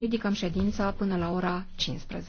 Ridicăm ședința până la ora 15.